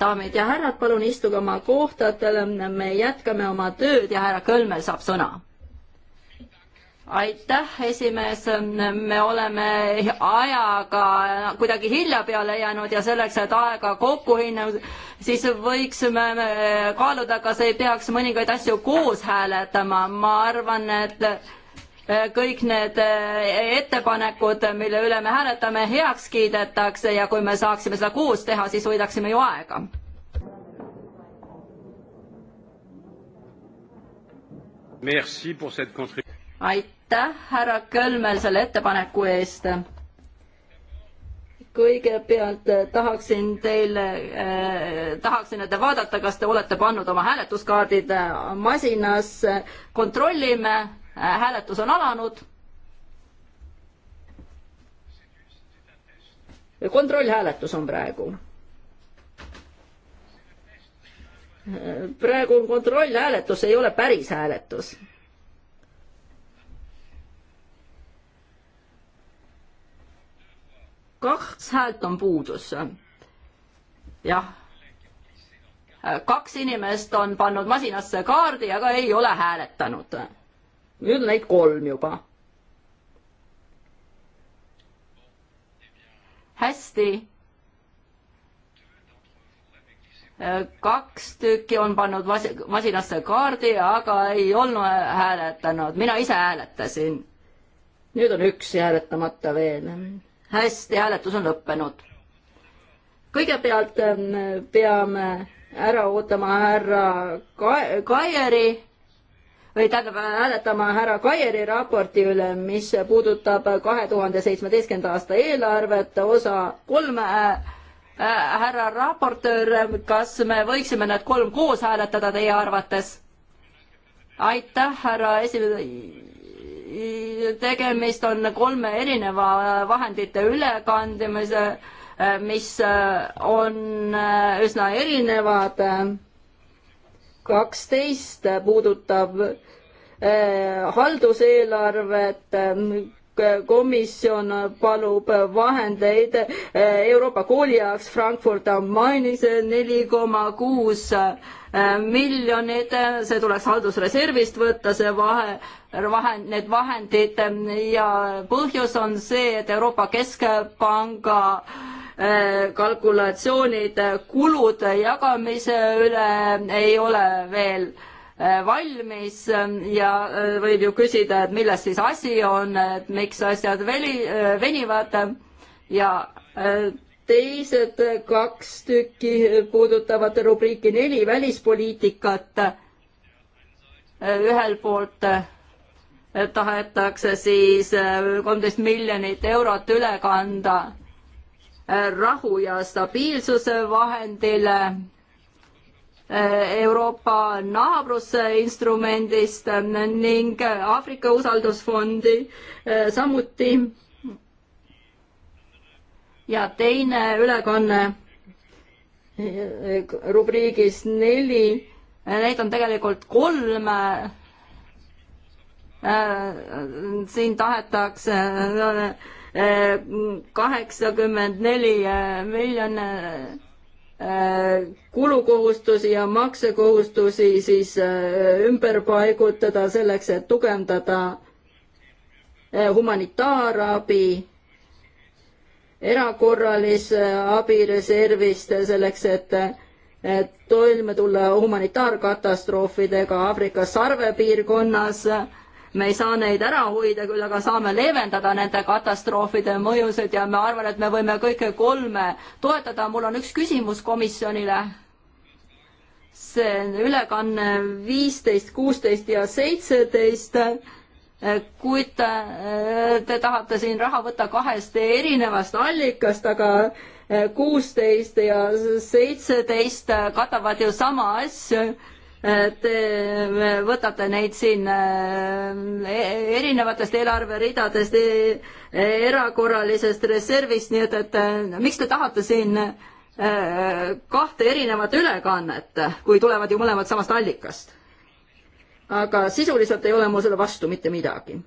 daamid ja härrad, palun istuge oma kohtadele, me jätkame oma tööd ja härra Kölmel saab sõna. aitäh, esimees, me oleme ajaga kuidagi hilja peale jäänud ja selleks, et aega kokku hinna, siis võiksime kaaluda, kas ei peaks mõningaid asju koos hääletama, ma arvan, et Äh, kõik need äh, ettepanekud, mille üle me hääletame, heaks kiidetakse ja kui me saaksime seda koos teha, siis hoidaksime ju aega. aitäh, härra Kölmel, selle ettepaneku eest kõigepealt äh, tahaksin teile eh,, tahaksin, et te vaadata, kas te olete pannud oma hääletuskaardid masinasse, kontrollime Äh, hääletus on alanud. kontrollhääletus on praegu. Äh, praegu on kontrollhääletus, ei ole päris hääletus. kaks häält on puudus. jah äh, kaks inimest on pannud masinasse kaardi, aga ei ole hääletanud nüüd on neid kolm juba. hästi. kaks tükki on pannud masinasse kaardi, aga ei olnud hääletanud, mina ise hääletasin. nüüd on üks hääletamata veel. hästi, hääletus on lõppenud. kõigepealt ähm, peame ära ootama härra Kairi või tähendab hääletama härra Kaieri raporti üle, mis puudutab kahe tuhande seitsmeteistkümnenda aasta eelarvet, osa kolm äh, äh, härra raportöör, kas me võiksime need kolm koos hääletada teie arvates? aitäh, härra esimees. tegemist on kolme erineva vahendite ülekandimise, mis on äh, üsna erinevad kaksteist puudutab eh, halduseelarvet, eh, komisjon palub vahendeid eh, Euroopa kooli jaoks Frankfurt am Mainis neli koma kuus miljonit, see tuleks haldusreservist võtta, see vahe, vahend, need vahendid ja põhjus on see, et Euroopa Keskpanga äh, Äh, kalkulatsioonid kulude jagamise üle ei ole veel äh, valmis ja äh, võib ju küsida, et milles siis asi on, et miks asjad veli, venivad ja teised kaks tükki puudutavad rubriiki neli välispoliitikat. ühelt poolt tahetakse siis kolmteist miljonit eurot üle kanda rahu ja stabiilsuse vahendil eh, Euroopa naabrusinstrumendist eh, ning Aafrika usaldusfondi eh, samuti. ja teine ülekanne rubriigis neli, neid on tegelikult kolm. siin tahetakse kaheksakümmend neli äh, miljon äh, äh, kulukohustusi ja maksekohustusi siis ümber paigutada selleks, et tugevdada humanitaarabi, erakorralise abireservist selleks, et toime tulla humanitaarkatastroofidega Aafrika sarvepiirkonnas me ei saa neid ära hoida, küll aga saame leevendada nende katastroofide mõjusid ja ma arvan, et me võime kõike kolme toetada. mul on üks küsimus komisjonile. see ülekanne viisteist, kuusteist ja seitseteist kui te, äh, te tahate siin raha võtta kahest erinevast allikast, aga äh, kuusteist ja seitseteist katavad ju sama asja Te võtate neid siin äh, e, erinevatest eelarveridadest, e, e, erakorralisest reservist, nii et, et äh, miks te tahate siin äh, kahte erinevat ülekannet, kui tulevad ju mõlemad samast allikast? aga sisuliselt ei ole mul selle vastu mitte midagi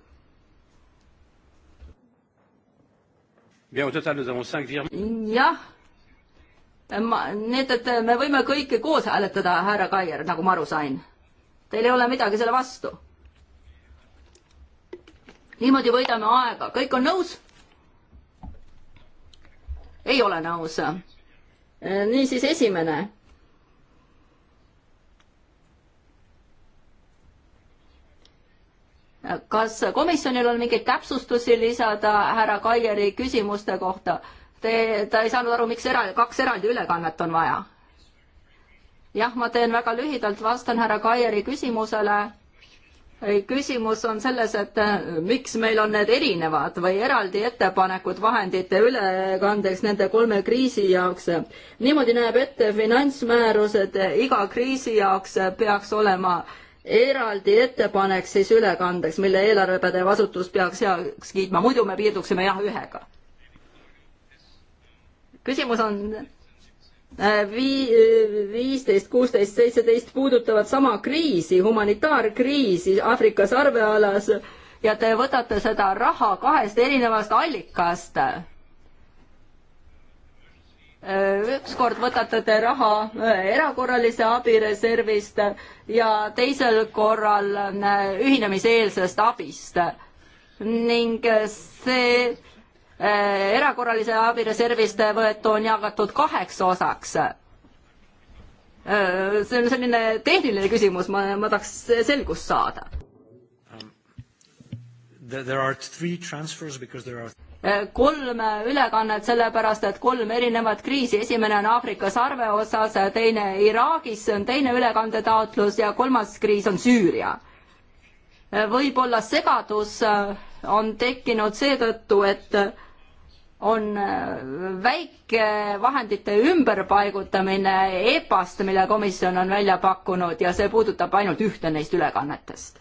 jah, ma, nii et, et me võime kõike koos hääletada, härra Kaier, nagu ma aru sain. Teil ei ole midagi selle vastu? niimoodi võidame aega, kõik on nõus? ei ole nõus. E, niisiis esimene. kas komisjonil on mingeid täpsustusi lisada härra Kaieri küsimuste kohta? Te, ta ei saanud aru, miks era-, kaks eraldi ülekannet on vaja. jah, ma teen väga lühidalt, vastan härra Kaieri küsimusele. küsimus on selles, et eh, miks meil on need erinevad või eraldi ettepanekud vahendite ülekandeks nende kolme kriisi jaoks. niimoodi näeb ette finantsmäärus, et eh, iga kriisi jaoks eh, peaks olema eraldi ettepanek siis ülekandeks, mille eelarvepädev asutus peaks heaks kiitma, muidu me piirduksime jah, ühega küsimus on äh, vii-, äh, viisteist, kuusteist, seitseteist puudutavad sama kriisi, humanitaarkriisi Aafrika sarvealas ja te võtate seda raha kahest erinevast allikast. Äh, ükskord võtate te raha erakorralise abireservist ja teisel korral ühinemiseelsest abist ning see Äh, erakorralise abireservist võetu on jagatud kaheks osaks. Äh, see on selline tehniline küsimus, ma, ma tahaks selgust saada. Um, there are three transfers because there are äh, kolm ülekannet, sellepärast et kolm erinevat kriisi, esimene on Aafrika sarve osas, teine Iraagis, see on teine ülekandetaotlus ja kolmas kriis on Süüria. võib-olla segadus on tekkinud seetõttu, et on äh, väike vahendite ümberpaigutamine EPA-st, mille komisjon on välja pakkunud ja see puudutab ainult ühte neist ülekannetest.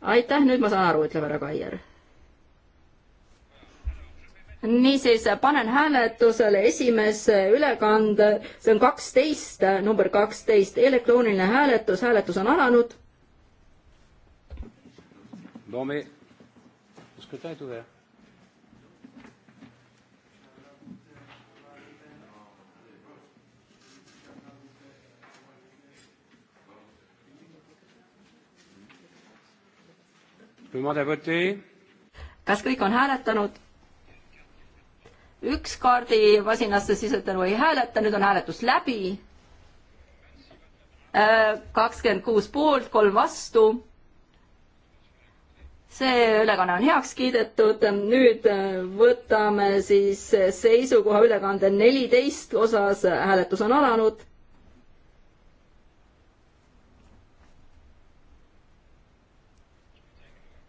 aitäh, nüüd ma saan aru, ütleb härra Kaier. niisiis, panen hääletusele esimese ülekande, see on kaksteist, number kaksteist, elektrooniline hääletus, hääletus on alanud. Bon, mais le scrutin est ouvert. kas kõik on hääletanud? üks kaardi masinasse sisetanu ei hääleta, nüüd on hääletus läbi. Äh, kakskümmend kuus poolt, kolm vastu. see ülekanne on heaks kiidetud, nüüd äh, võtame siis seisukoha ülekande neliteist osas, hääletus on alanud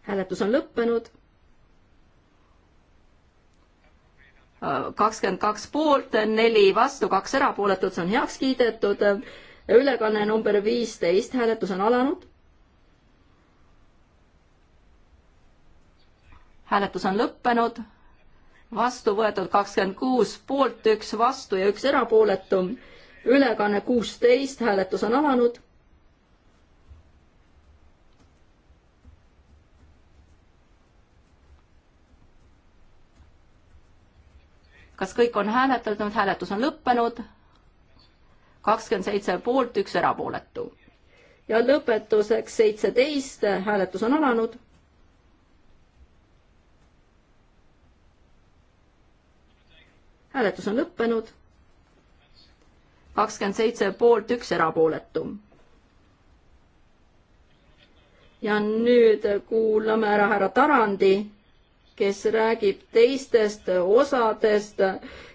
hääletus on lõppenud. Äh, kakskümmend kaks poolt, neli vastu, kaks erapooletut, see on heaks kiidetud. ülekanne number viisteist, hääletus on alanud. hääletus on lõppenud vastu võetud kakskümmend kuus, poolt üks vastu ja üks erapooletu. ülekanne kuusteist, hääletus on alanud kas kõik on hääletanud, hääletus on lõppenud? kakskümmend seitse poolt, üks erapooletu. ja lõpetuseks seitseteist, hääletus on alanud. hääletus on lõppenud. kakskümmend seitse poolt, üks erapooletu. ja nüüd kuulame ära härra Tarandi kes räägib teistest osadest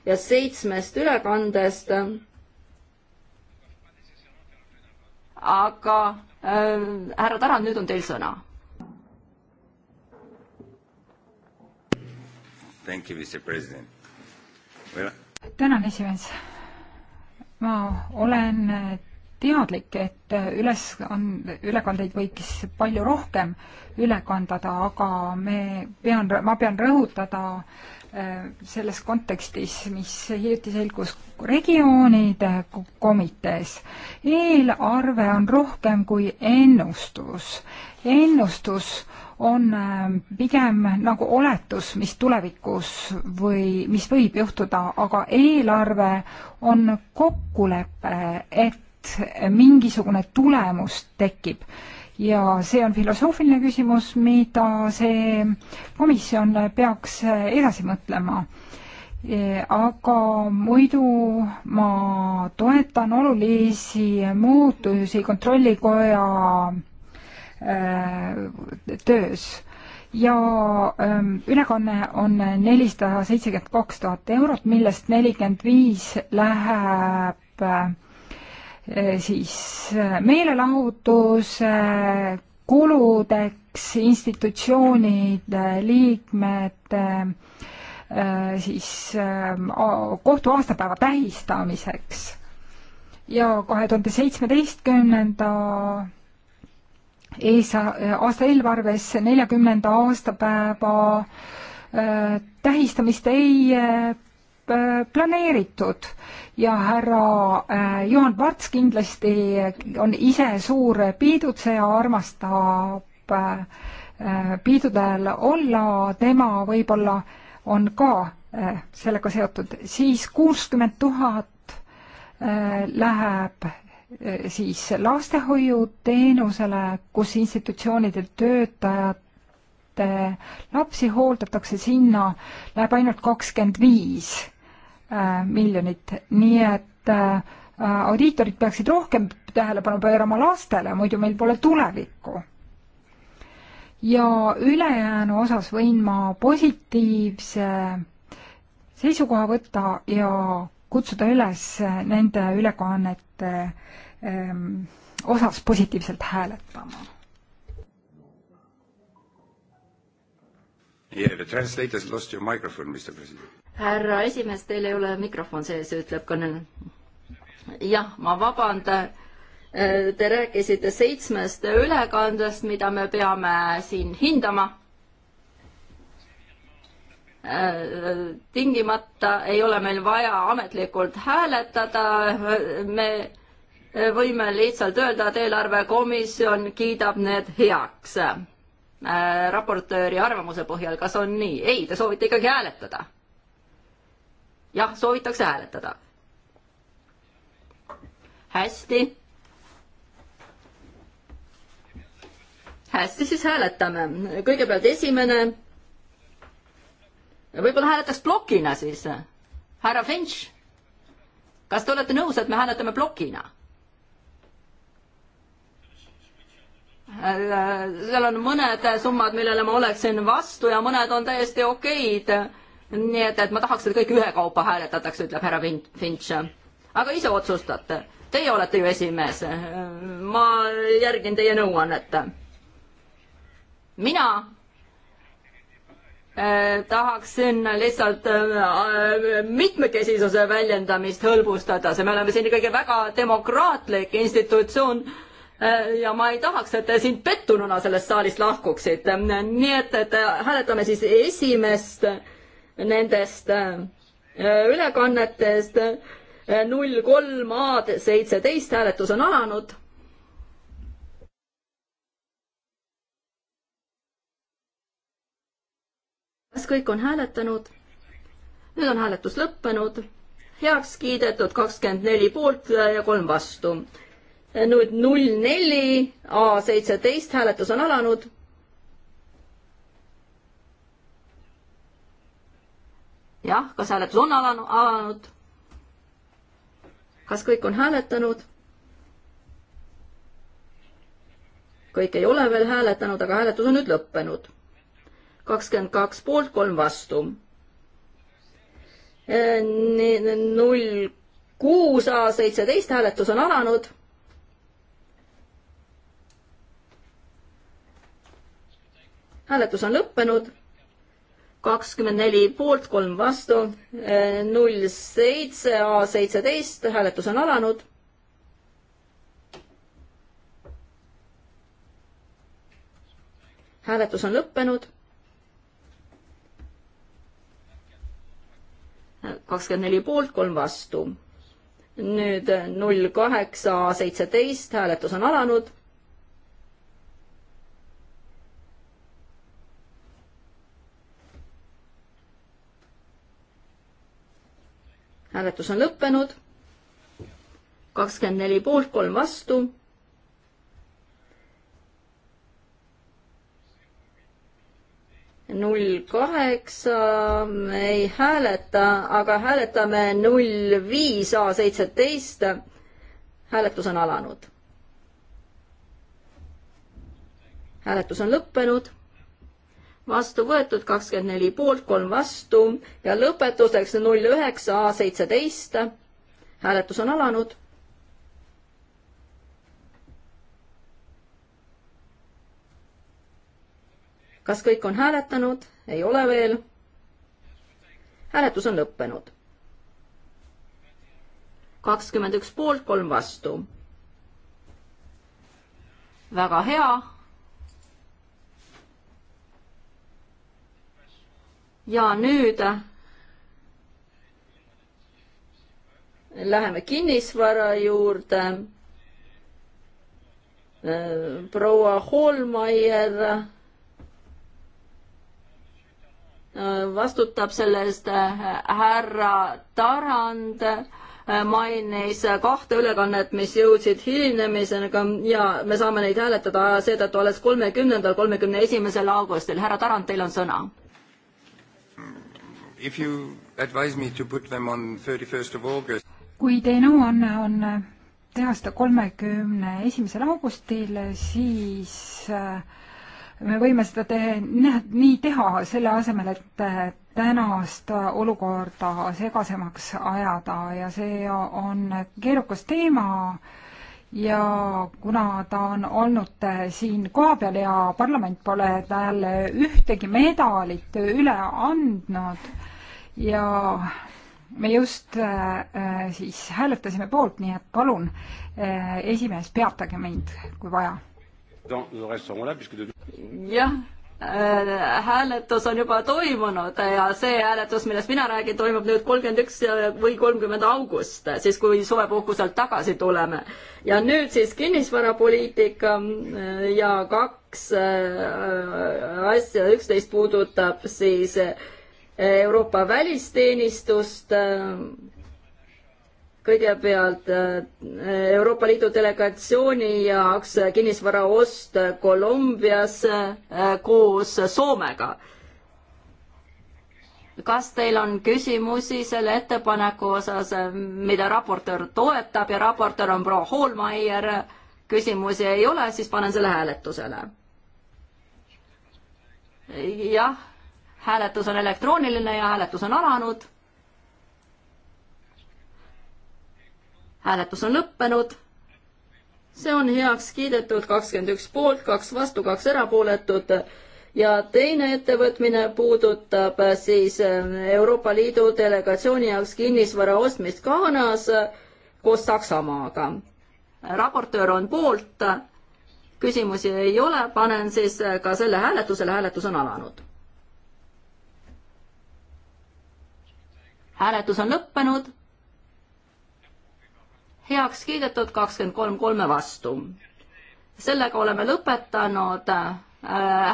ja seitsmest ülekandest. aga äh, härra Tarand, nüüd on teil sõna. tänan, esimees. ma olen teadlik, et üles on, ülekandeid võiks palju rohkem üle kandada, aga me pean, ma pean rõhutada äh, selles kontekstis, mis hiljuti selgus regioonide komitees. eelarve on rohkem kui ennustus. ennustus on äh, pigem nagu oletus, mis tulevikus või mis võib juhtuda, aga eelarve on kokkulepe, et mingisugune tulemus tekib. ja see on filosoofiline küsimus, mida see komisjon peaks edasi mõtlema. E, aga muidu ma toetan olulisi muutusi Kontrollikoja e, töös ja e, ülekanne on nelisada seitsekümmend kaks tuhat eurot, millest nelikümmend viis läheb Äh, siis äh, meelelahutuse kuludeks institutsioonide liikmed äh, siis kohtu aastapäeva tähistamiseks ja kahe tuhande seitsmeteistkümnenda eesa, aasta eelarves neljakümnenda aastapäeva tähistamist ei Äh, planeeritud ja härra äh, Juhan Parts kindlasti on ise suur piidutseja, armastab äh, piidudel olla, tema võib-olla on ka sellega seotud, siis kuuskümmend tuhat läheb siis lastehoiuteenusele, kus institutsioonide töötajad lapsi hooldatakse sinna, läheb ainult kakskümmend viis Äh, miljonit, nii et äh, audiitorid peaksid rohkem tähelepanu pöörama lastele, muidu meil pole tulevikku. ja ülejäänu osas võin ma positiivse seisukoha võtta ja kutsuda üles nende ülekannete ähm, osas positiivselt hääletama Yeah, the translator has lost your microphone, Mr President. härra esimees, teil ei ole mikrofon sees, ütleb kõneleja. jah, ma vabandan. Äh, te rääkisite seitsmest ülekandest, mida me peame siin hindama äh, tingimata ei ole meil vaja ametlikult hääletada, me võime lihtsalt öelda, et eelarvekomisjon kiidab need heaks. Äh, raportööri arvamuse põhjal, kas on nii? ei, te soovite ikkagi hääletada. jah, soovitakse hääletada. hästi. hästi, siis hääletame. kõigepealt esimene. võib-olla hääletaks plokina siis. härra Finch, kas te olete nõus, et me hääletame plokina? seal on mõned summad, millele ma oleksin vastu ja mõned on täiesti okeid. nii et, et ma tahaks, et kõik ühekaupa hääletatakse, ütleb härra Finch. aga ise otsustate, teie olete ju esimees. ma järgin teie nõuannet. mina äh, tahaksin lihtsalt äh, mitmekesisuse väljendamist hõlbustada, see, me oleme siin ikkagi väga demokraatlik institutsioon Äh, ja ma ei tahaks, et te siin pettununa sellest saalist lahkuksite, nii et, et äh, hääletame siis esimest nendest äh, ülekannetest null kolm A-d seitseteist, hääletus on alanud. kas kõik on hääletanud? nüüd on hääletus lõppenud, heaks kiidetud kakskümmend neli poolt ja kolm vastu nüüd null neli A seitseteist hääletus on alanud. jah, kas hääletus on alanud, alanud? kas kõik on hääletanud? kõik ei ole veel hääletanud, aga hääletus on nüüd lõppenud. kakskümmend kaks poolt, kolm vastu. null kuus A seitseteist hääletus on alanud hääletus on lõppenud. kakskümmend neli poolt, kolm vastu, null seitse A seitseteist, hääletus on alanud. hääletus on lõppenud. kakskümmend neli poolt, kolm vastu. nüüd null kaheksa A seitseteist, hääletus on alanud hääletus on lõppenud. kakskümmend neli poolt, kolm vastu. null kaheksa me ei hääleta, aga hääletame null viis A seitseteist. hääletus on alanud hääletus on lõppenud vastu võetud, kakskümmend neli poolt, kolm vastu ja lõpetuseks null üheksa A seitseteist. hääletus on alanud. kas kõik on hääletanud? ei ole veel. hääletus on lõppenud. kakskümmend üks poolt, kolm vastu. väga hea ja nüüd läheme kinnisvara juurde. proua Holmeier vastutab selle eest härra Tarand mainis kahte ülekannet, mis jõudsid hilinemisega ja me saame neid hääletada seetõttu alles kolmekümnendal, kolmekümne esimesel augustil. härra Tarand, teil on sõna if you advise me to put them on thirty-first of August. kui teie nõuanne on, on eh, teha seda kolmekümne esimesel augustil, siis eh, me võime seda te-, nii teha, selle asemel, et eh, tänast olukorda segasemaks ajada ja see on keerukas teema ja kuna ta on olnud siin kohapeal ja parlament pole talle ühtegi medalit üle andnud, ja me just äh, äh, siis hääletasime poolt, nii et palun äh,, esimees, peatage mind, kui vaja. jah äh, hääletus on juba toimunud ja see hääletus, millest mina räägin, toimub nüüd kolmkümmend üks või kolmkümmend august, siis kui suvepuhkuselt tagasi tuleme. ja nüüd siis kinnisvarapoliitika äh, ja kaks asja, üksteist puudutab siis äh, Euroopa välisteenistust, kõigepealt äh, Euroopa Liidu delegatsiooni jaoks kinnisvara ost Kolumbias äh, koos Soomega. kas teil on küsimusi selle ettepaneku osas, mida raportöör toetab ja raportöör on proua Hoolmeier, küsimusi ei ole, siis panen selle hääletusele. jah hääletus on elektrooniline ja hääletus on alanud. hääletus on lõppenud. see on heaks kiidetud kakskümmend üks poolt, kaks vastu, kaks erapooletut ja teine ettevõtmine puudutab siis Euroopa Liidu delegatsiooni jaoks kinnisvara ostmist Ghanas koos Saksamaaga. raportöör on poolt, küsimusi ei ole, panen siis ka selle hääletusele, hääletus on alanud. hääletus on lõppenud. heaks kiidetud kakskümmend kolm kolme vastu. sellega oleme lõpetanud äh,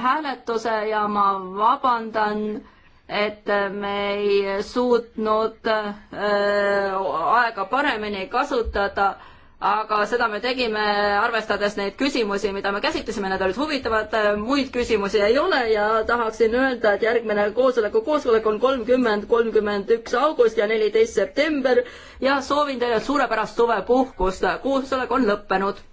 hääletuse ja ma vabandan et me ei suutnud äh, aega paremini kasutada aga seda me tegime, arvestades neid küsimusi, mida me käsitlesime, need olid huvitavad, muid küsimusi ei ole ja tahaksin öelda, et järgmine koosoleku koosolek on kolmkümmend, kolmkümmend üks august ja neliteist september ja soovin teile suurepärast suvepuhkust. koosolek on lõppenud.